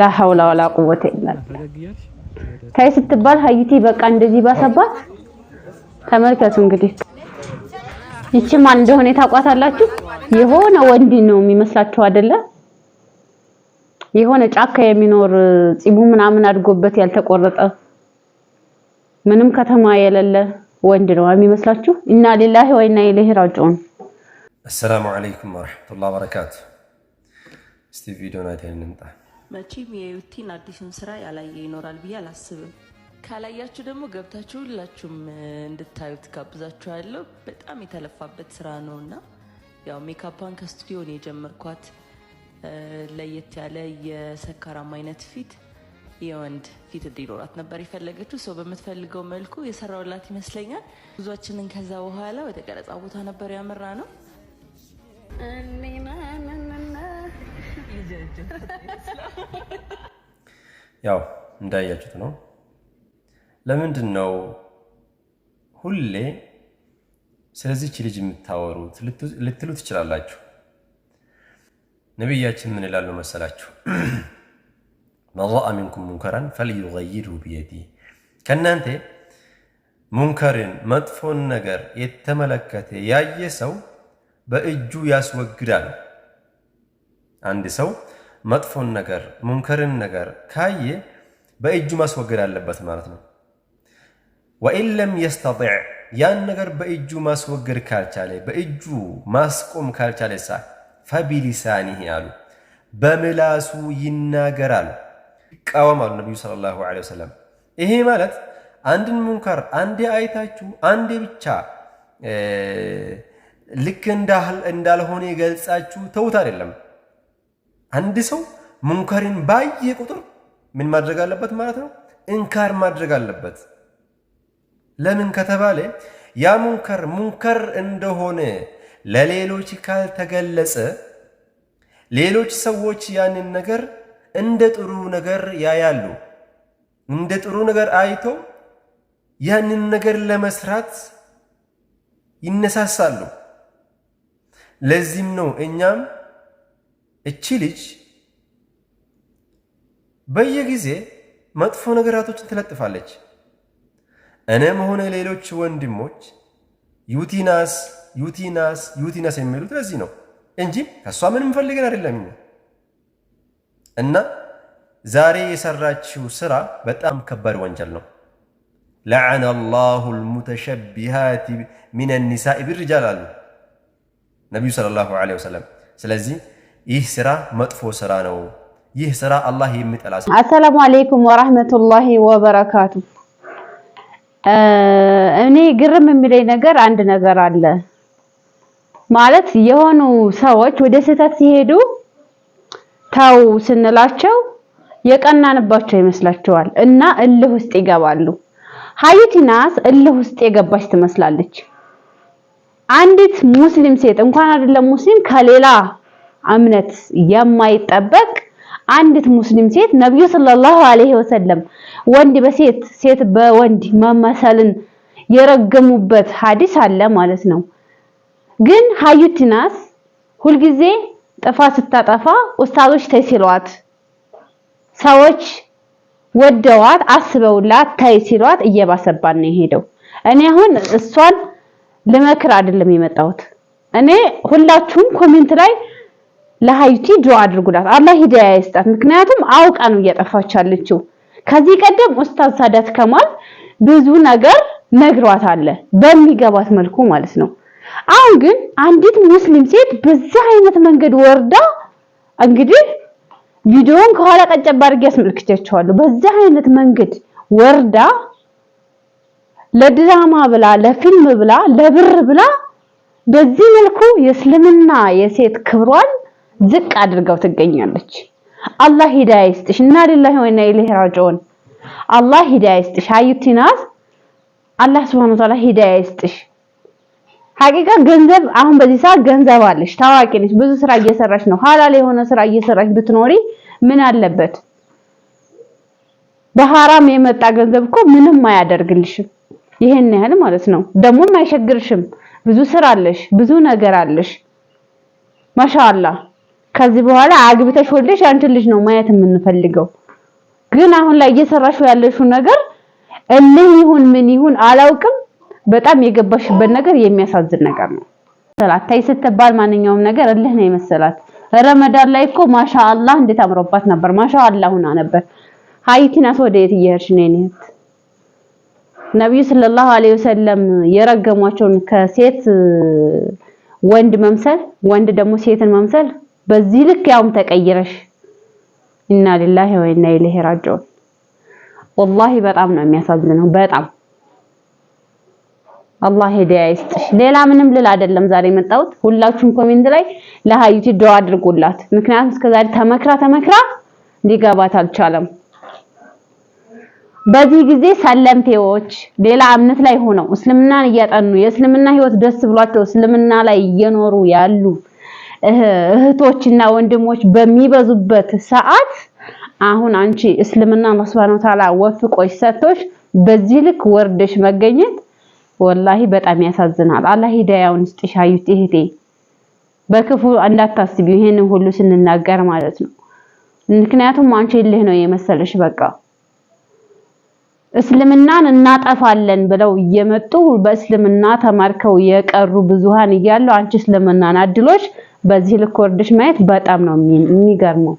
ላሀውላ ወላ ቁወተ ኢላ ታይ ስትባል ሀይቲ በቃ እንደዚህ ባሰባት። ተመልከቱ እንግዲህ ይቺ ማን እንደሆነ ታውቋታላችሁ። የሆነ ወንድ ነው የሚመስላችሁ አይደለ? የሆነ ጫካ የሚኖር ፂሙ ምናምን አድጎበት ያልተቆረጠ ምንም ከተማ የሌለ ወንድ ነው የሚመስላችሁ። ኢና ሊላሂ ወኢና ኢለይሂ ራጂዑን። አሰላሙ አለይኩም ወራህመቱላሂ ወበረካቱ እስቲ ቪዲዮን አይተን እንምጣ። መቼም የዩቲን አዲሱን ስራ ያላየ ይኖራል ብዬ አላስብም። ካላያችሁ ደግሞ ገብታችሁ ሁላችሁም እንድታዩት ጋብዛችኋለሁ። በጣም የተለፋበት ስራ ነው እና ያው ሜካፓን ከስቱዲዮ ነው የጀመርኳት። ለየት ያለ የሰካራም አይነት ፊት የወንድ ፊት እንዲኖራት ነበር የፈለገችው። ሰው በምትፈልገው መልኩ የሰራውላት ይመስለኛል። ብዙችንን ከዛ በኋላ ወደ ቀረጻ ቦታ ነበር ያመራ ነው። ያው እንዳያችሁት ነው። ለምንድን ነው ሁሌ ስለዚች ልጅ የምታወሩት ልትሉ ትችላላችሁ። ነቢያችን ምን ይላሉ መሰላችሁ? መራአ ሚንኩም ሙንከራን ፈልዩገይርሁ ብየዲ፣ ከእናንተ ሙንከርን መጥፎን ነገር የተመለከተ ያየ ሰው በእጁ ያስወግዳል። አንድ ሰው መጥፎን ነገር ሙንከርን ነገር ካየ በእጁ ማስወገድ አለበት ማለት ነው። ወኢን ለም የስተጢዕ ያን ነገር በእጁ ማስወገድ ካልቻለ በእጁ ማስቆም ካልቻለ ሳ ፈቢሊሳኒህ አሉ በምላሱ ይናገራል። ይቃወም አሉ ነቢዩ ሰለላሁ ዐለይሂ ወሰለም። ይሄ ማለት አንድን ሙንከር አንዴ አይታችሁ አንዴ ብቻ ልክ እንዳልሆነ የገልጻችሁ ተውት አይደለም አንድ ሰው ሙንከሪን ባየ ቁጥር ምን ማድረግ አለበት ማለት ነው? እንካር ማድረግ አለበት። ለምን ከተባለ ያ ሙንከር ሙንከር እንደሆነ ለሌሎች ካልተገለጸ ሌሎች ሰዎች ያንን ነገር እንደ ጥሩ ነገር ያያሉ። እንደ ጥሩ ነገር አይቶ ያንን ነገር ለመስራት ይነሳሳሉ። ለዚህም ነው እኛም እቺ ልጅ በየጊዜ መጥፎ ነገራቶችን ትለጥፋለች። እኔም ሆነ ሌሎች ወንድሞች ዩቲናስ ዩቲናስ ዩቲናስ የሚሉት ለዚህ ነው እንጂ ከእሷ ምንም ፈልገን አይደለም። እና ዛሬ የሰራችው ስራ በጣም ከባድ ወንጀል ነው። ለዐነ ላሁ ልሙተሸቢሃት ሚነ ኒሳኢ ብርጃል አሉ ነቢዩ ሰለላሁ ዐለይሂ ወሰለም። ስለዚህ ይህ ስራ መጥፎ ስራ ነው። ይህ ስራ አላህ የሚጠላ ስራ። አሰላሙ አለይኩም ወራህመቱላሂ ወበረካቱ። እኔ ግርም የሚለኝ ነገር አንድ ነገር አለ ማለት የሆኑ ሰዎች ወደ ስህተት ሲሄዱ ተው ስንላቸው የቀናንባቸው ይመስላቸዋል እና እልህ ውስጥ ይገባሉ። ሀይቲ እልህ ውስጥ የገባች ትመስላለች። አንዲት ሙስሊም ሴት እንኳን አይደለም ሙስሊም ከሌላ እምነት የማይጠበቅ አንዲት ሙስሊም ሴት ነብዩ ሰለላሁ ዐለይሂ ወሰለም ወንድ በሴት ሴት በወንድ መመሰልን የረገሙበት ሐዲስ አለ ማለት ነው። ግን ሀዩቲናስ ሁልጊዜ ጥፋት ስታጠፋ ኡስታዞች ተይሲሏት፣ ሰዎች ወደዋት አስበውላት ተይሲሏት እየባሰባን ነው የሄደው። እኔ አሁን እሷን ልመክር አይደለም የመጣሁት። እኔ ሁላችሁም ኮሜንት ላይ ለሀይቲ ዱዓ አድርጉላት፣ አላህ ሂዳያ ይስጣት። ምክንያቱም አውቃ ነው እየጠፋች ያለችው። ከዚህ ቀደም ኡስታዝ ሳዳት ከማል ብዙ ነገር ነግሯት አለ በሚገባት መልኩ ማለት ነው። አሁን ግን አንዲት ሙስሊም ሴት በዚህ አይነት መንገድ ወርዳ እንግዲህ ቪዲዮውን ከኋላ ቀጨብ አድርጌ ያስመልክቻችኋለሁ። በዚህ አይነት መንገድ ወርዳ ለድራማ ብላ ለፊልም ብላ ለብር ብላ በዚህ መልኩ የእስልምና የሴት ክብሯን ዝቅ አድርገው ትገኛለች። አላህ ሂዳያ ይስጥሽ። እና ሊላሂ ወኢና ኢለይሂ ራጂዑን። አላህ ሂዳያ ይስጥሽ። አዩቲናስ አላህ ሱብሃነሁ ወተዓላ ሂዳያ ይስጥሽ። ሐቂቃ ገንዘብ አሁን በዚህ ሰዓት ገንዘብ አለሽ፣ ታዋቂ ነሽ፣ ብዙ ስራ እየሰራሽ ነው። ሐላል የሆነ ስራ እየሰራሽ ብትኖሪ ምን አለበት? በሐራም የመጣ ገንዘብ እኮ ምንም አያደርግልሽም። ይሄን ያህል ማለት ነው። ደግሞም አይሸግርሽም። ብዙ ስራ አለሽ፣ ብዙ ነገር አለሽ። ማሻአላህ ከዚህ በኋላ አግብተሽ ወልደሽ አንቺን ልጅ ነው ማየት የምንፈልገው። ግን አሁን ላይ እየሰራሽው ያለሽው ነገር እልህ ይሁን ምን ይሁን አላውቅም፣ በጣም የገባሽበት ነገር የሚያሳዝን ነገር ነው። ተይ ስትባል ማንኛውም ነገር እልህ ነው የመሰላት። ረመዳን ላይ እኮ ማሻአላህ እንዴት አምሮባት ነበር! ማሻአላህ ሁና ነበር። ሀይቲናስ ወደ የት እየሄድሽ ነው? እኔት ነብዩ ሰለላሁ ዐለይሂ ወሰለም የረገሟቸውን ከሴት ወንድ መምሰል ወንድ ደግሞ ሴትን መምሰል በዚህ ልክ ያውም ተቀይረሽ ኢና ሊላሂ ወኢና ኢለይሂ ራጂዑን። ወላሂ በጣም ነው የሚያሳዝነው። በጣም አላህ ሂዳያ ይስጥሽ። ሌላ ምንም ልል አይደለም ዛሬ የመጣሁት ሁላችሁም ኮሜንት ላይ ለሀዩቲ ዱአ አድርጉላት። ምክንያቱም እስከዛሬ ተመክራ ተመክራ ሊገባት አልቻለም። በዚህ ጊዜ ሰለምቴዎች ሌላ እምነት ላይ ሆነው እስልምናን እያጠኑ የእስልምና ህይወት ደስ ብሏቸው እስልምና ላይ እየኖሩ ያሉ እህቶችና ወንድሞች በሚበዙበት ሰዓት አሁን አንቺ እስልምና አላህ Subhanahu ወተዓላ Ta'ala ወፍቆች ሰጥቶሽ በዚህ ልክ ወርደሽ መገኘት ወላሂ በጣም ያሳዝናል። አላህ ሂዳያውን ይስጥሽ አዩት እህቴ፣ በክፉ እንዳታስቢ ይሄንን ሁሉ ስንናገር ማለት ነው። ምክንያቱም አንቺ ልህ ነው የመሰለሽ በቃ እስልምናን እናጠፋለን ብለው እየመጡ በእስልምና ተማርከው የቀሩ ብዙሃን እያሉ አንቺ እስልምናን አድሎሽ በዚህ ልክ ወርደሽ ማየት በጣም ነው የሚገርመው።